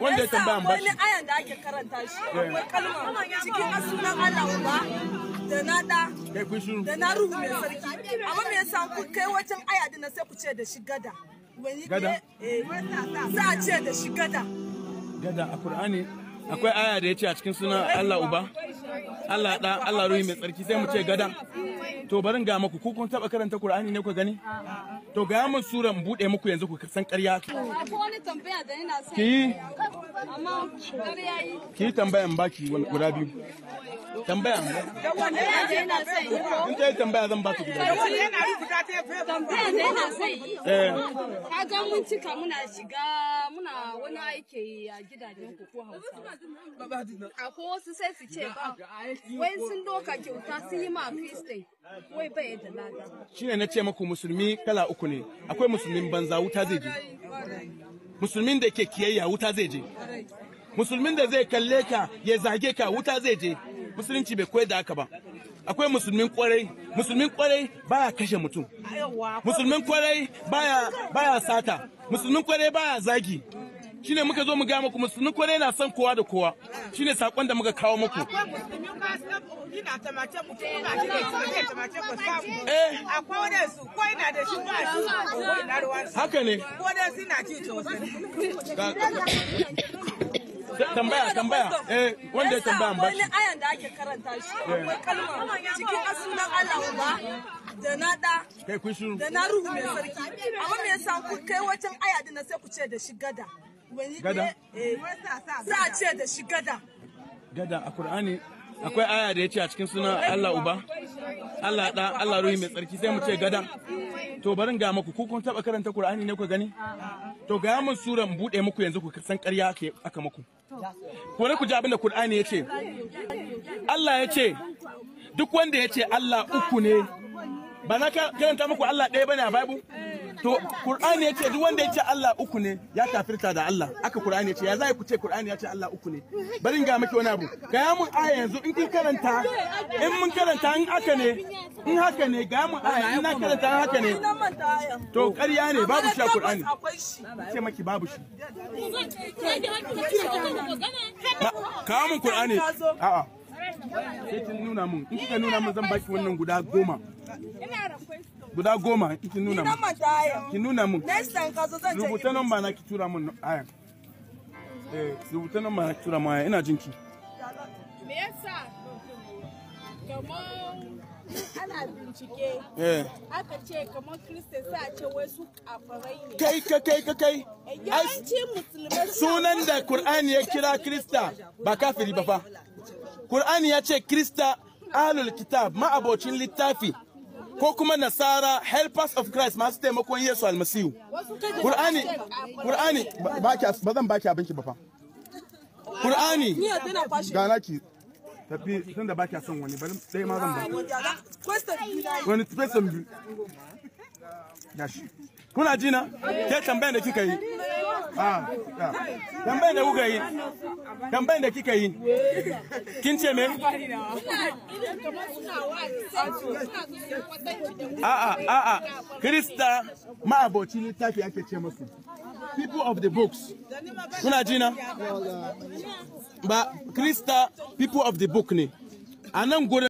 wanda ya tambaya ba wani ayan da ake karanta shi akwai kalma cikin asunan Allah uba da na da da na ruhu mai sarki amma me yasa ku kai wajen aya din sai ku ce da shi gada wani gada za eh, eh, a ce da shi gada gada a Qur'ani akwai aya da ya ce a cikin sunan Allah uba Allah dan Allah ruhi mai tsarki sai mu ce gadan to barin ga muku ku kun taba karanta Qur'ani ne ku gani to ga mun suran bude muku yanzu ku san ƙarya ko wani tambaya da sai ki amma ƙarya yi ki tambayan baki guda biyu tambaya da wani yana sai yi ko in kai tambaya zan baki guda biyu wani yana rubuta ta tambaya da yana sai eh ka ga mun cika muna shiga haka wani ake yi a gidajen ku ko hausawa. Akwai wasu sai su ce ba, wai sun doka kyauta sun yi ma kristai, wai bai da lada. Shi ne na ce maku musulmi kala uku ne, akwai musulmin banza wuta zai je. Musulmin da ke kiyayya wuta zai je. Musulmin da zai kalle ka ya zage ka wuta zai je. musulunci bai koyar da haka ba akwai musulmin kwarai musulmin kwarai baya kashe mutum musulmin kwarai baya baya sata musulmin kwarai baya zagi shine muka zo mu ga muku musulmin kwarai na son kowa da kowa shine sakon da muka kawo muku haka ne tambaya tambaya eh wanda ya tambaya ba wani ayan da ake karanta shi eh. akwai kalma cikin asunan Allah ba da na da da na ruhu mai sarki amma me yasa ku kai wajen aya din sai ku ce da shi gada gada sa eh, ce da shi gada gada a Qur'ani akwai aya da ya ce a cikin sunan Allah uba Allah da Allah ruhi mai tsarki sai mu ce gada To barin ga muku ko kun taba karanta Qur'ani ne ku gani? Ah, ah, ah. To ga mun sura mu bude muku yanzu ku san ƙarya ake aka muku. Ko ne ku ji abin da Qur'ani yace. Allah yace duk wanda yace Allah uku ne ba na karanta muku Allah ɗaya bane a Bible to Qur'ani yace duk wanda yace Allah uku ne ya kafirta da Allah aka Qur'ani yace ya zai ku ce Qur'ani yace Allah uku ne bari ga miki wani abu ga mun aya yanzu in kin karanta in mun karanta in aka ne in haka ne ga mun aya in na karanta in haka ne to ƙarya ne babu shi a Qur'ani ce maki babu shi ka mun Qur'ani a'a sai kin nuna mun in kika nuna mun zan baki wannan guda goma guda goma iki nuna mu ki nuna mu next time ka zo zan ce rubuta nan na ki tura mun aya eh rubuta nan na ki tura mun aya ina jin ki me yasa kamar ana bincike eh aka ce kamar sai a ce wai su kafarai ne kai kai kai kai kai eh, ce musulmai sunan da qur'ani ya kira krista ba kafiri ba fa qur'ani ya ce krista ahlul kitab ma abocin littafi ko kuma nasara helpers of christ masu taimakon yesu almasihu Kur'ani, Kur'ani, ba zan baki abinki ba fa Kur'ani, ga naki tafi tun da baki son wani bari dai ma zan ba wani question biyu kuna jina na ke tambayan da kika yi ah, ah. tambayan da kuka yi tambayan da kika yi kin ce ah ah. a'a krista ma'aboci littafi ake ce musu people of the books kuna jina ba krista people of the book ni a nan